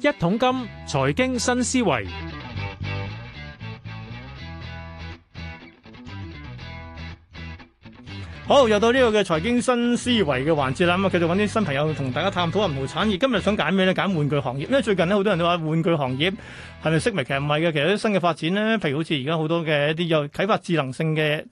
一桶金財經新思維，好，又到呢個嘅財經新思維嘅環節啦，咁啊繼續揾啲新朋友同大家探討唔同產業。今日想揀咩咧？揀玩具行業，因為最近咧好多人都話玩具行業係咪式微？其實唔係嘅，其實啲新嘅發展咧，譬如好似而家好多嘅一啲有啟發智能性嘅。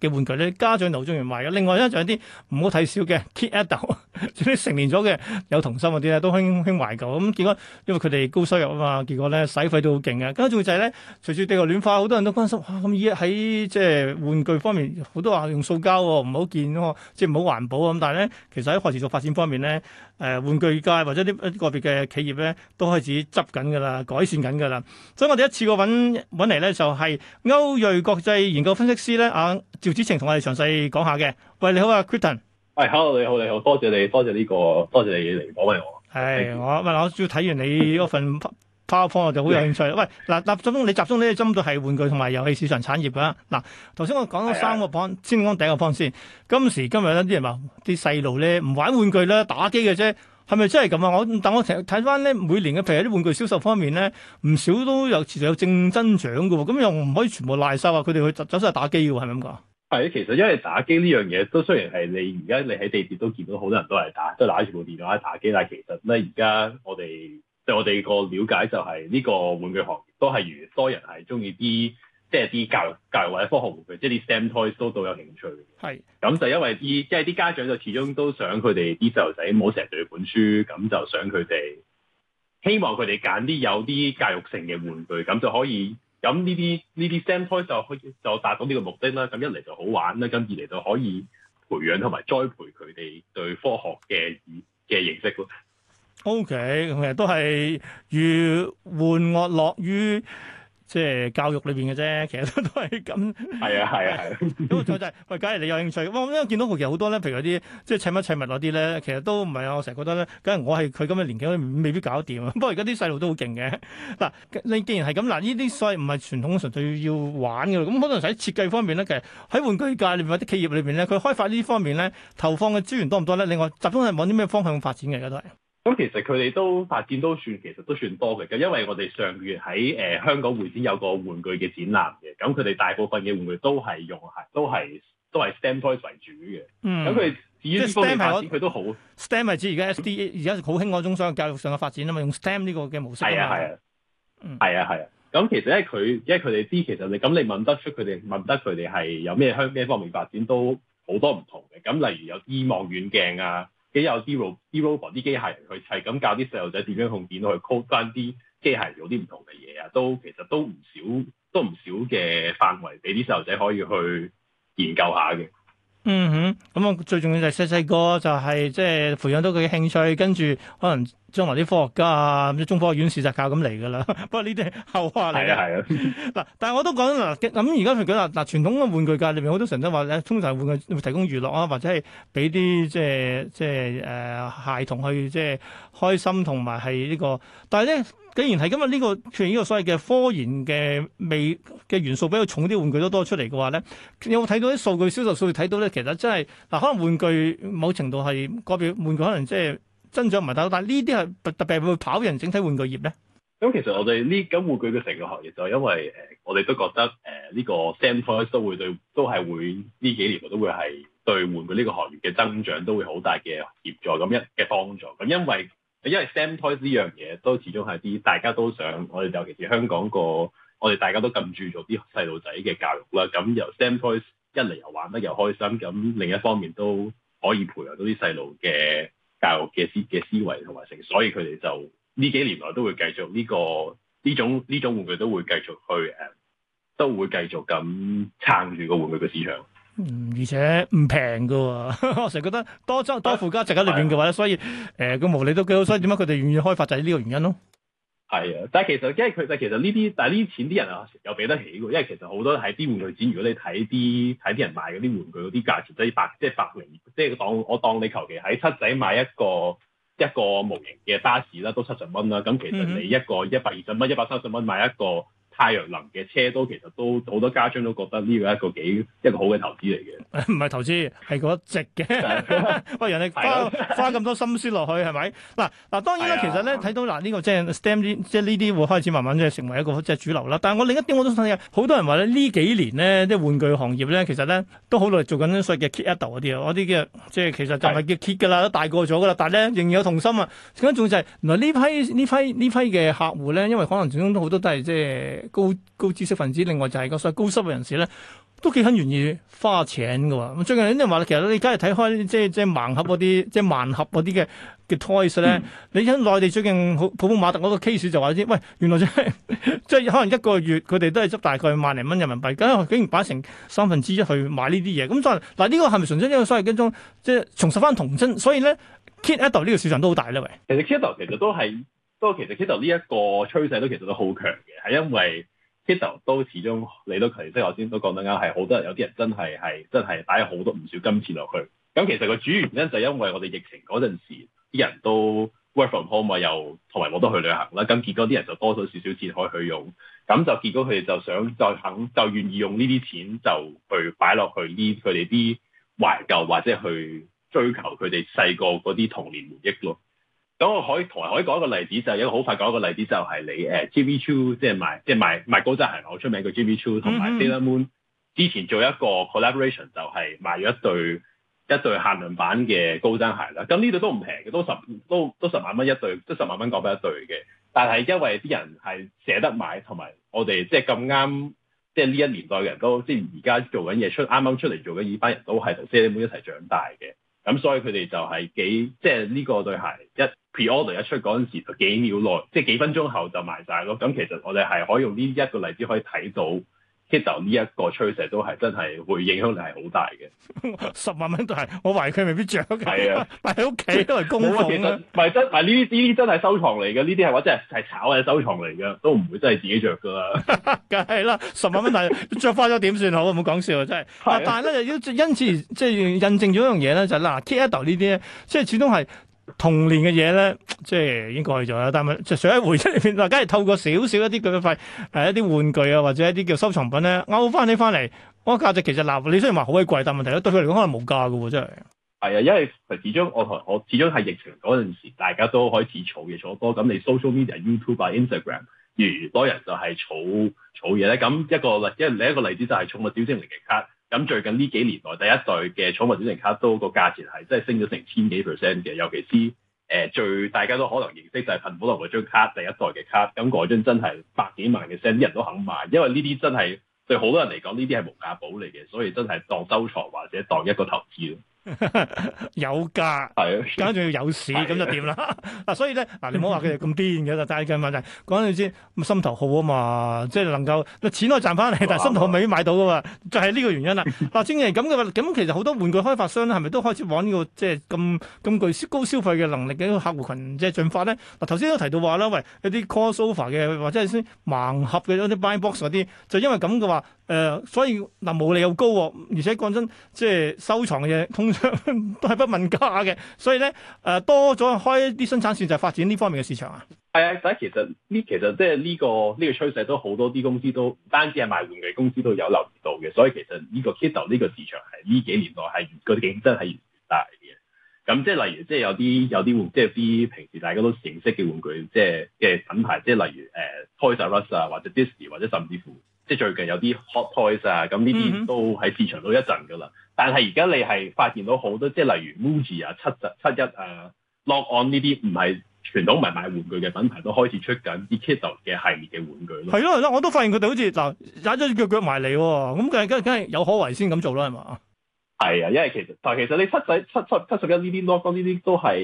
嘅玩具咧，家長都好中意買嘅。另外咧，仲有啲唔好睇小嘅 kidult，即係成年咗嘅有童心嗰啲咧，都興興懷舊。咁結果因為佢哋高收入啊嘛，結果咧使費都好勁嘅。仲要就係咧，隨住地球暖化，好多人都關心哇。咁而家喺即係玩具方面，好多話用塑膠喎，唔好健康，即係唔好環保咁。但係咧，其實喺可持續發展方面咧，誒玩具界或者啲個別嘅企業咧，都開始執緊㗎啦，改善緊㗎啦。所以我哋一次過揾嚟咧，就係歐睿國際研究分析師咧啊。趙子晴同我哋詳細講下嘅，喂你好啊 Kriton 喂，hello，你好，你好，多謝你，多謝呢個多謝你嚟訪問我。係、哎、Thank you. 我，嗱，我主要睇完你嗰份 PowerPoint 啊，就好有興趣啦。喂，嗱嗱，集中你集中呢啲針對係玩具同埋遊戲市場產業噶。嗱，頭先我講咗三個方，Yeah. 先講第一個方先。今時今日咧，啲人話啲細路咧唔玩玩具啦，打機嘅啫，係咪真係咁啊？我但我睇睇翻咧，每年嘅譬如啲玩具銷售方面咧，唔少都有持續有正增長嘅喎，咁又唔可以全部賴收啊？佢哋去走走去打機喎，係咪咁講？是係，其實，因為打機呢樣嘢都雖然係你而家你喺地鐵都見到好多人都係打，都打住部電腦打機。但係其實咧，而家我哋即係我哋個了解就係呢個玩具行業都係，如多人係中意啲即係啲教育、教育或者科學玩具，即係啲 STEM toys 都好有興趣嘅。係咁的就因為啲即係啲家長就始終都想佢哋啲細路仔唔好成日對住本書，咁就想佢哋希望佢哋揀啲有啲教育性嘅玩具，咁就可以。咁呢啲呢啲 standpoint 就可以就達到呢個目的啦。咁一嚟就好玩啦，咁二嚟就可以培養同埋栽培佢哋對科學嘅嘅認識咯。OK，其實都係如玩樂樂於。即係教育裏邊嘅啫，其實都都係咁。係啊，係啊，係啊。咁再就係、是，喂，假如你有興趣，我因為見到其實好多咧，譬如嗰啲即係砌乜砌物嗰啲咧，其實都唔係。我成日覺得咧，梗係我係佢咁嘅年紀，未必搞得掂啊。不過而家啲細路都好勁嘅。嗱，你既然係咁，嗱，呢啲所以唔係傳統純粹要玩嘅，咁可能喺設計方面咧，其實喺玩具界裏面或者企業裏邊咧，佢開發呢方面咧，投放嘅資源多唔多咧？另外，集中係往啲咩方向發展嘅？而家都係。咁其實佢哋都發展都算，其實都算多嘅。咁因為我哋上月喺誒、呃、香港會展有個玩具嘅展覽嘅。咁佢哋大部分嘅玩具都係用係都係都係 STEM toys 為主嘅。嗯。咁佢即係 STEM 方面發展，佢、嗯、都好 STEM 為主。而家 SDA 而家好興嗰種上教育上嘅發展啊嘛，用 STEM 呢個嘅模式。係啊係啊。啊嗯。啊係啊。咁其實呢佢，因為佢哋知其實你咁，你問得出佢哋問得佢哋係有咩香咩方面發展都好多唔同嘅。咁例如有依望遠鏡啊。幾有啲路啲 robot 啲 Rob 機械人去砌，咁教啲細路仔點樣用電腦去 code 翻啲機械有啲唔同嘅嘢啊，都其實都唔少，都唔少嘅範圍俾啲細路仔可以去研究下嘅。嗯哼，咁、嗯、啊最重要著著就細細個就係即係培養到佢嘅興趣，跟住可能。將來啲科學家啊，啲中科學院事實教咁嚟噶啦， 不過呢啲係後話嚟。係啊係啊，嗱，但係我都講嗱，咁而家佢講話嗱，傳統嘅玩具界裏面好多人都話咧，通常玩具會提供娛樂啊，或者係俾啲即係即係誒孩童去即係開心同埋係呢個。但係咧，既然係今日呢、呢個出現呢個所謂嘅科研嘅未嘅元素比較重啲，玩具都多出嚟嘅話咧，有冇睇到啲數據銷售數據睇到咧？其實真係嗱，可能玩具某程度係個別玩具，可能即係。增長唔係大，但呢啲係特別係會跑贏整體玩具業咧。咁其實我哋呢咁玩具嘅成個行業就係因為誒、呃，我哋都覺得誒呢、呃這個 Sam Toys 都會對都係會呢幾年都會係對玩具呢個行業嘅增長都會好大嘅協助，咁一嘅幫助。咁因為因為 Sam Toys 呢樣嘢都始終係啲大家都想我哋尤其是香港個我哋大家都咁注重啲細路仔嘅教育啦。咁由 Sam Toys 一嚟又玩得又開心，咁另一方面都可以培養到啲細路嘅。教育嘅思嘅思維同埋成，所以佢哋就呢幾年來都會繼續呢個呢種呢種玩具都會繼續去，誒，都會繼續咁撐住個玩具嘅市場。嗯，而且唔平噶，我成 日覺得多增多附加值喺裏邊嘅話咧，所以誒，個毛利都幾好，所以點解佢哋願意開發就係呢個原因咯。係啊，但係其實因為佢，但係其實呢啲，但係呢啲錢啲人又俾得起喎，因為其實好多係啲玩具展，如果你睇啲睇啲人買嗰啲玩具嗰啲價錢，都百即係百零，即係當我當你求其喺七仔買一個一個模型嘅巴士啦，都七十蚊啦，咁其實你一個一百二十蚊、一百三十蚊買一個。太陽能嘅車多，其實都好多家長都覺得呢個一個幾一個好嘅投資嚟嘅。唔係、哎、投資，係覺得值嘅。喂、 哎，人哋花 花咁多心思落去，係咪？嗱、啊、嗱，當然啦，其實咧睇、哎、呀到嗱呢、呢個即係 STEM 啲，即係呢啲會開始慢慢即係成為一個即係主流啦。但係我另一啲我都想，好多人話咧呢幾年咧，即係玩具行業咧，其實咧都好耐做緊啲細嘅 kit 一度嗰啲啊，嗰啲嘅即係其實就係叫 kit 噶啦，都大過咗噶啦，但係咧仍然有童心啊。咁仲就係、是、原來批批批呢批呢批呢批嘅客戶咧，因為可能始終都好多都係即係。高高，知識分子，另外就係個所謂高濕嘅人士咧，都幾肯願意花錢嘅、啊。咁最近啲人話其實你梗係睇開即係即係盲盒嗰啲，即係盲盒嗰啲嘅嘅 toys 咧，呢嗯、你喺內地最近普普馬特嗰個 case 就話啲，喂，原來、就是、即係即係可能一個月佢哋都係執大概萬零蚊人民幣，咁啊，竟然擺成三分之一去買呢啲嘢。咁所以嗱，呢、啊這個係咪純粹因為所謂一種即係重拾翻童真？所以咧，Kidult 呢個市場都好大咧。喂，其實 Kidult 其實都係。不過其實 Kidult 呢一個趨勢都其實都好強嘅，係因為 Kidult 都始終你都頭先我先都講得啱，係好多人有啲人真係係真係擺好多唔少金錢落去。咁其實個主要原因就係因為我哋疫情嗰陣時，啲人都 work from home 啊，又同埋我都去旅行啦。咁結果啲人就多咗少少錢可以去用，咁就結果佢哋就想再肯就願意用呢啲錢就去擺落去啲佢哋啲懷舊或者去追求佢哋細個嗰啲童年回憶咯。咁我可以台可以講一個例子，就係一個好快講一個例子，就係、是、你誒，Jimmy Choo 即係賣，即係賣賣高踭鞋，好出名嘅 Jimmy Choo，同埋 Sailor Moon 之前做一個 collaboration，就係賣咗一對一對限量版嘅高踭鞋啦。咁呢對都唔平嘅，都十都都十萬蚊一對，都十萬蚊港幣一對嘅。但係因為啲人係捨得買，同埋我哋即係咁啱，即係呢一年代嘅人都即係而家做緊嘢出，啱啱出嚟做緊耳班人都係同 Sailor Moon 一齊長大嘅，咁所以佢哋就係幾即係呢個對鞋一。pre-order 一出嗰陣時幾秒內，即係幾分鐘後就賣晒咯。咁其實我哋係可以用呢一個例子可以睇到，Kidult 呢一個趨勢都係真係會影響力係好大嘅。 十萬蚊都係，我懷疑佢未必著。係啊，擺喺屋企都係供奉啦。唔 真，唔呢啲呢啲真係收藏嚟嘅。呢啲係話真係係炒嘅收藏嚟嘅，都唔會真係自己着噶啦。梗係啦，十萬蚊但係着花咗點算好？唔好講笑，笑啊！真係。 但係咧，又要因此即係印證咗一樣嘢咧，就係啦，Kidult 呢啲咧，即係始終係。童年嘅嘢咧，即係已經過去咗啦。但係，除喺回憶裏面，大家係透過少少一啲嘅一塊一啲玩具啊，或者一啲叫收藏品咧，勾翻啲翻嚟，嗰、嗰個價值其實嗱，你雖然話好鬼貴，但問題咧對佢嚟講可能冇價㗎喎，真係。係啊，因為始終我我始終係疫情嗰陣時，大家都開始儲嘢儲多，咁你 social media、YouTube 啊、Instagram，越，越多人就係儲儲嘢咧。咁一個嗱，即係你一個例子就係寵物小精靈嘅卡。咁最近呢幾年內，第一代嘅寵物小精靈卡都個價錢係真係升咗成千幾 percent 嘅，尤其是、呃、最大家都可能認識就係噴火龍嗰張卡，第一代嘅卡，咁嗰張真係百幾萬嘅 sent，啲人都肯買，因為呢啲真係對好多人嚟講，呢啲係無價寶嚟嘅，所以真係當收藏或者當一個投資。 有價價，梗係仲要有市，咁 就掂啦。嗱， 所以咧，嗱，你唔好話佢哋咁癲嘅啦， 但係嘅問題，講你先，咁心頭好啊嘛，即係能夠，嗱，錢可以賺翻嚟，但係心頭好未必買到噶嘛，就係、是、呢個原因啦。嗱， 正因為咁嘅話，咁其實好多玩具開發商咧，係咪都開始往呢個即係咁咁具高消費嘅能力嘅一個客戶群即係進發咧？嗱，頭先都提到話啦，喂，一啲 c a l l s o f a 嘅或者係盲盒嘅一啲 buy box 嗰啲，就因為咁嘅話，誒、呃，所以嗱，毛利又高，啊，而且講真，即係收藏嘅嘢，通。 都係不問價嘅，所以咧誒、呃、多咗開一啲生產線就是、發展呢方面嘅市場啊。係啊，但其實呢，其實即係呢個呢個趨勢都好多啲公司都唔單止係賣玩具，公司都有留意到嘅。所以其實呢個 Kido 呢個市場係呢幾年內係個競爭係越嚟越大嘅。咁即係例如，即係有啲有啲即係啲平時大家都認識嘅玩具，即係嘅品牌，即係例如誒、呃、，Toys R Us 啊，或者 Disney 或者甚至乎。即係最近有啲 Hot Toys 啊，咁呢啲都喺市場都一陣㗎啦。Mm hmm. 但係而家你係發現到好多，即係例如 Muji 啊、uh,、七七一啊、LOG-ON 呢啲，唔係傳統唔係賣玩具嘅品牌，都開始出緊啲 Kiddo 嘅系列嘅玩具咯。係咯，我都發現佢哋好似嗱踩咗隻腳腳埋嚟喎。咁梗係梗梗係有可為先咁做啦，係嘛？係啊，因為其實但係其實你七仔、七七七十一呢啲 LOG-ON 呢啲都係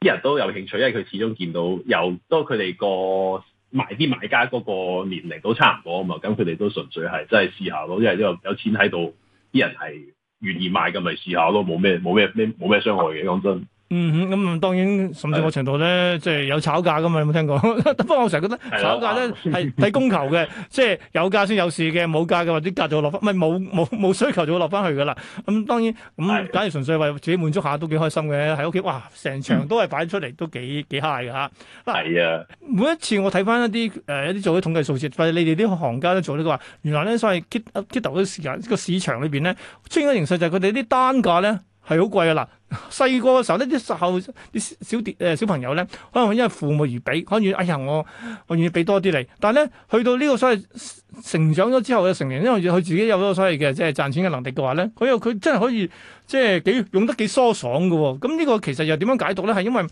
啲人都有興趣，因為佢始終見到有都佢哋個。賣啲買家嗰個年齡都差唔多啊嘛，咁佢哋都純粹係真係試下咯，因為呢個有錢喺度，啲人係願意買嘅，咪試下咯，冇咩冇咩咩冇咩傷害嘅，講真。嗯哼，咁、嗯、啊、嗯、當然，甚至個程度咧，的即係有炒價噶嘛，有冇聽過？不 過我成日覺得炒價咧係睇供求嘅， 即係有價先有市嘅，冇價嘅或者價就落翻，唔係冇冇冇需求就會落翻去噶啦。咁、嗯、當然咁，嗯、的假如純粹為自己滿足下都幾開心嘅，喺屋企哇，成場都係擺出嚟都幾幾 high 噶嚇。係啊，的每一次我睇翻一啲誒、呃、一啲做咗統計數字，或者你哋啲行家都做呢，佢話原來咧所謂 keep keep 頭嗰啲時間呢個市場裏邊咧，出現嘅形勢就係佢哋啲單價咧。係好貴啊！嗱，細個嘅時候呢啲時候，啲小誒小，小，小朋友咧，可能因為父母而俾，可能願哎呀我我願意俾多啲你。但係咧，去到呢個所謂成長咗之後嘅成人，因為佢自己有咗所謂嘅即係賺錢嘅能力嘅話咧，佢又佢真係可以即係、就是、幾用得幾疏爽嘅，哦。咁呢個其實又點樣解讀咧？係因為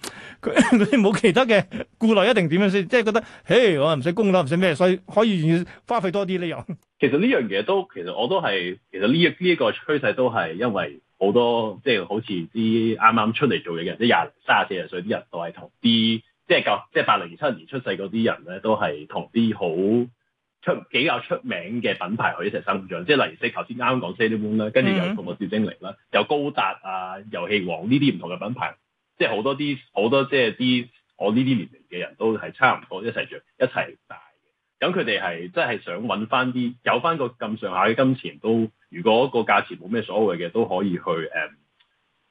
佢冇其他嘅顧慮，一定點樣先？即、就、係、是、覺得，嘿，我唔使供啦，唔使咩，所以可以願意花費多啲呢又其實呢樣嘢都，其實我都係，其實呢呢個趨勢都係因為。好多即係好似啲啱啱出嚟做嘢嘅人，即係廿零、三廿四廿歲啲人， 20, 人都係同啲即係舊即係八零七年出世嗰啲人咧，都係同啲好出比較出名嘅品牌佢一齊生長。即係例如，先頭先啱講 Candyman 啦，跟住有寵物小精靈啦，mm hmm. 有高達啊、遊戲王呢啲唔同嘅品牌，即係好多啲好多，多即係啲我呢啲年齡嘅人都係差唔多一齊住、一齊大嘅。咁佢哋係真係想揾翻啲有翻個咁上下嘅金錢都。如果個價錢冇咩所謂嘅，都可以去誒、呃，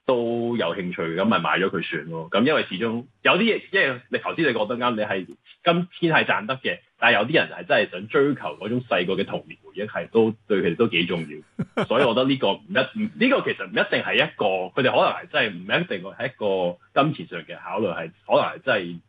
都有興趣咁咪買咗佢算咯。咁因為始終有啲嘢，即係你頭先你覺得啱，你係今天係賺得嘅，但係有啲人係真係想追求嗰種細個嘅童年回憶，係都對佢哋都幾重要。所以我覺得呢個唔一，呢、呢個其實唔一定係一個，佢哋可能係真係唔一定係一個金錢上嘅考慮，係可能係真係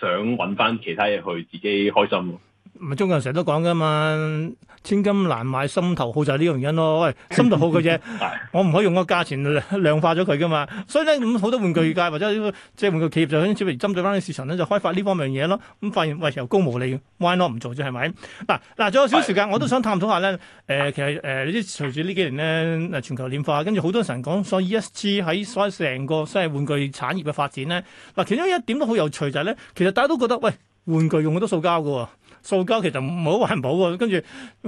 想揾翻其他嘢去自己開心。唔係中國人成日都講噶嘛，千金難買心頭好就係呢個原因咯。喂，心頭好嘅嘢， 我唔可以用個價錢量化咗佢噶嘛。所以咧，咁、嗯、好多玩具界或者即係玩具企業就開始譬如針對翻啲市場咧，就開發呢方面嘢咯。咁、嗯、發現喂又高毛利嘅，why not 唔做啫？係咪？嗱、啊、嗱，仲、啊、有少少時間， 我都想探討下咧。誒、呃，其實誒，你知、呃、隨住呢幾年咧，全球暖化，跟住好多啲人講，所以 ESG 喺所謂成個即係玩具產業嘅發展咧，嗱其中一點都好有趣就係、是、咧，其實大家都覺得喂。玩具用好多塑膠嘅喎，塑膠其實唔好環保喎，跟住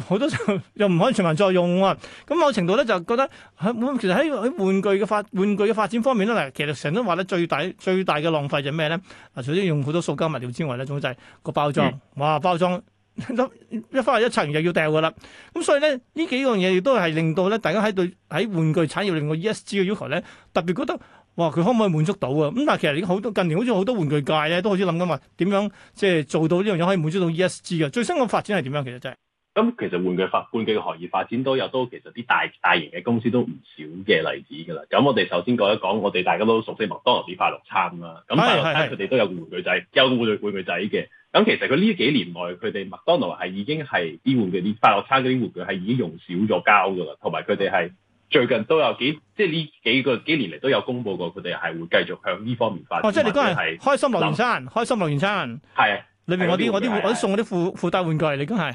好多時候又唔可以循環再用喎，咁某程度咧就覺得喺其實喺喺玩具嘅發玩具嘅發展方面咧，嗱，其實成日都話咧最大最大嘅浪費就係咩咧？嗱，除咗用好多塑膠物料之外咧，總之就係個包裝，嗯、哇，包裝 一翻去一拆完又要掉嘅啦，咁所以咧呢幾樣嘢亦都係令到咧大家喺對喺玩具產業領域嘅 ESG 嘅要求咧特別覺得。哇！佢可唔可以滿足到啊？咁但係其實已經好多近年，好似好多玩具界咧，都好似諗緊話點樣即係做到呢樣嘢可以滿足到 ESG 嘅最新嘅發展係點樣？其實真係咁，其實玩具發、玩具嘅行業發展都有都其實啲大大型嘅公司都唔少嘅例子㗎啦。咁我哋首先講一講，我哋大家都熟悉麥當勞啲快樂餐啦。咁快樂餐佢哋都有玩具仔，有玩具仔嘅。咁其實佢呢幾年內，佢哋麥當勞係已經係啲玩具啲快樂餐嗰啲玩具係已經用少咗膠㗎啦，同埋佢哋係。最近都有幾即係呢幾個幾年嚟都有公布過，佢哋係會繼續向呢方面發展。哦，即係你都日係開心樂園餐，開心樂園餐係，裏面我啲我啲我啲送嗰啲附附帶玩具，你嗰係係誒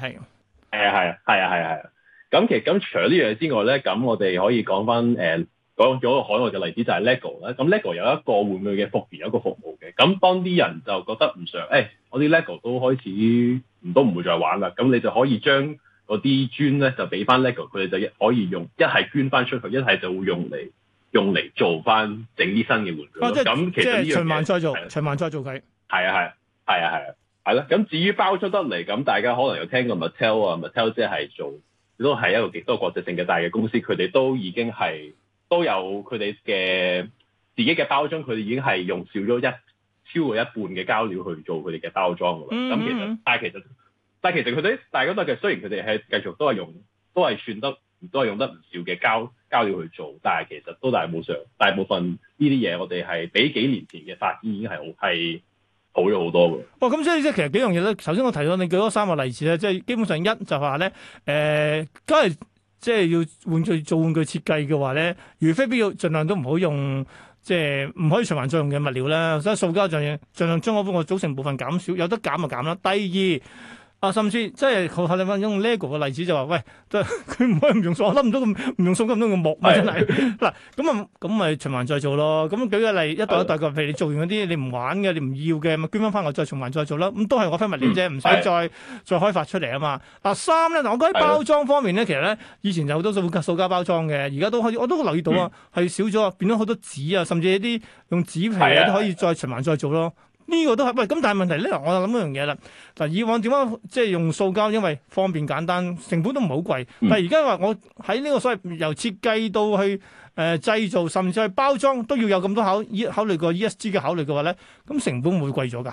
係係啊係係啊咁其實咁除咗呢樣之外咧，咁我哋可以講翻誒講咗個海外嘅例子就係 LEGO 咧。咁 LEGO 有一個玩具嘅復原有一個服務嘅。咁當啲人就覺得唔上誒，我啲 LEGO 都開始唔都唔會再玩啦。咁你就可以將，嗰啲磚咧就俾翻 Lego，佢哋就一可以用一係捐翻出去，一係就會用嚟用嚟做翻整啲新嘅玩具。咁其實呢樣循環再做，循環再做計。係啊係，係啊係啊，係咯。咁至於包裝得嚟，咁大家可能有聽過 Mattel 啊 Mattel 即係做都係一個極多國際性嘅大嘅公司，佢哋都已經係都有佢哋嘅自己嘅包裝，佢哋已經係用少咗一超過一半嘅膠料去做佢哋嘅包裝噶啦。咁其實，但係其實。但係其實佢哋大家都係，但雖然佢哋係繼續都係用，都係算得，都係用得唔少嘅膠膠料去做，但係其實都大部上大部分呢啲嘢，我哋係比幾年前嘅發展已經係好係好咗好多嘅。哇、哦！咁所以即係其實幾樣嘢咧。頭先我提到你舉多三個例子咧，即係基本上一就話咧，誒、呃，梗係即係要玩具做玩具設計嘅話咧，如非必要，盡量都唔好用，即係唔可以循環作用嘅物料啦。所以塑膠就盡量將嗰個組成部分減少，有得減就減啦。第二。啊、甚至即係學下你翻用 Lego 嘅例子就，就話喂，佢 唔可以唔用塑，我諗唔到咁唔用塑咁多嘅木啊！不不是的 真係嗱，咁啊咁咪循環再做咯。咁舉個例，一代一代譬是的 如你做完嗰啲，你唔玩嘅，你唔要嘅，咪捐翻翻嚟再循環再做啦。咁都係我廢物嚟啫，唔使、嗯、再是的 再開發出嚟啊嘛。嗱、啊、三咧，嗱我覺得包裝方面咧，其實咧以前就好多塑膠包裝嘅，而家都可以。我都留意到啊，係、嗯、少咗，變咗好多紙啊，甚至一啲用紙皮啊，都可以再循環再做咯。呢個都係喂咁，但係問題咧，我就諗一樣嘢啦。嗱，以往點樣即係用塑膠，因為方便簡單，成本都唔好貴。但係而家話我喺呢個所謂由設計到去誒製、呃、造，甚至係包裝都要有咁多考考慮過 E S G 嘅考慮嘅話咧，咁成本會貴咗㗎。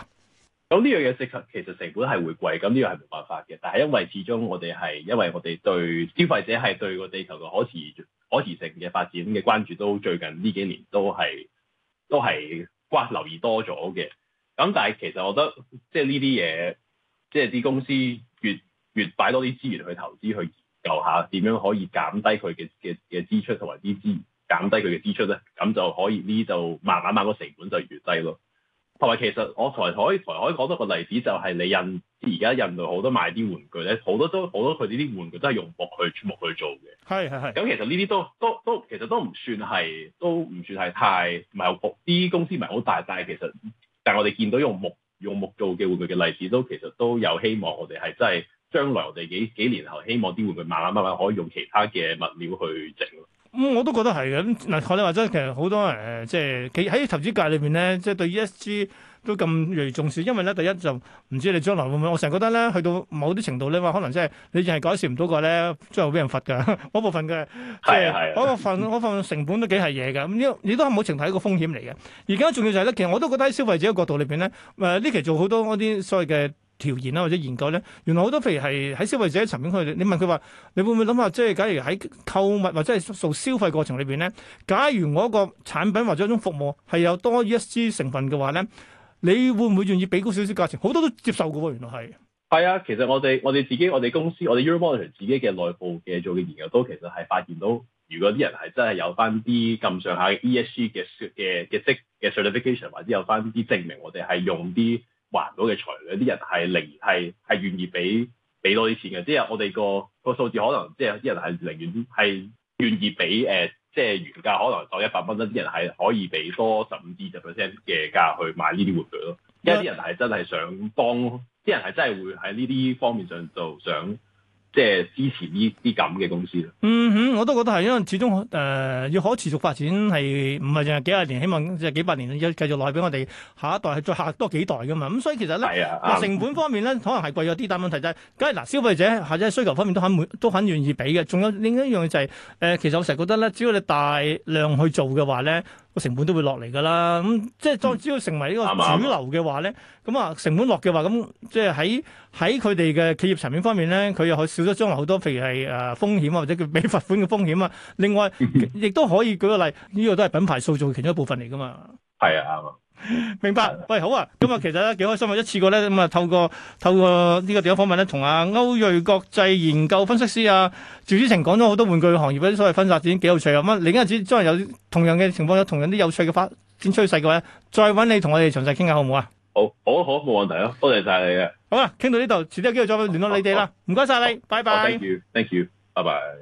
咁呢樣嘢其實其實成本係會貴，咁呢樣係冇辦法嘅。但係因為始終我哋係因為我哋對消費者係對個地球嘅可持續、可持續嘅發展嘅關注，都最近呢幾年都係都係關留意多咗嘅。咁但係其實我覺得，即係呢啲嘢，即係啲公司越越擺多啲資源去投資去研究下，點樣可以減低佢嘅嘅嘅支出同埋啲資減低佢嘅支出咧，咁就可以呢就慢慢慢個成本就越低咯。同埋其實我台海台台台講多個例子，就係你印而家印度好多賣啲玩具咧，好多都好多佢呢啲玩具都係用木去木去做嘅。係係係。咁其實呢啲都都都其實都唔算係都唔算係太唔係啲公司唔係好大，但係其實。但係我哋見到用木用木做嘅玩具嘅例子，都其實都有希望。我哋係真係將來我哋幾幾年後，希望啲玩具慢慢慢慢可以用其他嘅物料去整。咁我都覺得係嘅，咁嗱，看你話齋其實好多誒，即係企喺投資界裏邊咧，即係對 E S G 都咁越嚟越重視，因為咧第一就唔知你將來會唔會，我成日覺得咧去到某啲程度咧，話可能即係你淨係改善唔到嘅咧，最後俾人罰㗎嗰 部分嘅，即係嗰份 份成本都幾係嘢㗎。咁你你都冇情睇個風險嚟嘅。而家重要就係咧，其實我都覺得喺消費者嘅角度裏邊咧，誒呢期做好多嗰啲所謂嘅。調研啦，或者研究咧，原來好多譬如係喺消費者層面佢哋，你問佢話，你會唔會諗下，即係假如喺購物或者係做消費過程裏邊咧，假如我個產品或者一種服務係有多 E S G 成分嘅話咧，你會唔會願意俾高少少價錢？好多都接受㗎喎，原來係。係啊，其實我哋我哋自己我哋公司我哋 Euromonitor 自己嘅內部嘅做嘅研究都其實係發現到，如果啲人係真係有翻啲咁上下 E S G 嘅嘅嘅即嘅 Certification 或者有翻啲證明，我哋係用啲。還到嘅財力，啲人係寧係係願意俾俾多啲錢嘅。即係我哋個個數字可能即係啲人係寧願係願意俾誒，即係、呃、原價可能就一百蚊，一啲人係可以俾多十五至二十 percent 嘅價去買呢啲玩具咯。一啲 Yeah. 人係真係想幫，啲人係真係會喺呢啲方面上就想。即係支持呢啲咁嘅公司。嗯哼，我都覺得係，因為始終誒、呃、要可持續發展係唔係淨係幾廿年，希望即係幾百年要繼續耐俾我哋下一代係再下多幾代㗎嘛。咁、嗯、所以其實咧，嗱、啊、成本方面咧，可能係貴咗啲，但問題就係、是，梗係嗱消費者或者需求方面都肯都肯願意俾嘅。仲有另一樣嘢就係、是、誒、呃，其實我成日覺得咧，只要你大量去做嘅話咧。個成本都會落嚟㗎啦，咁即係當只要成為呢個主流嘅話咧，咁啊吧成本落嘅話，咁即係喺喺佢哋嘅企業層面方面咧，佢又可以少咗將來好多譬如係誒、呃、風險啊，或者佢俾罰款嘅風險啊。另外， 亦都可以舉個例，呢、這個都係品牌塑造其中一部分嚟㗎嘛。係啊，啱啊。明白，喂，好啊，咁啊，其實咧幾開心啊，一次過咧咁啊，透過透過個呢個電話訪問咧，同阿歐睿國際研究分析師啊趙子晴講咗好多玩具行業嗰啲所謂分發展幾有趣啊，咁、嗯、啊，你今日只將來有同樣嘅情況有同樣啲有趣嘅發展趨勢嘅話咧，再搵你同我哋詳細傾下好唔好啊？好，好，好，冇問題，謝謝啊，多謝晒你嘅。好啦，傾到呢度，遲啲有機會再聯絡你哋啦，唔該晒你，拜拜。哦、thank you, thank you，拜拜。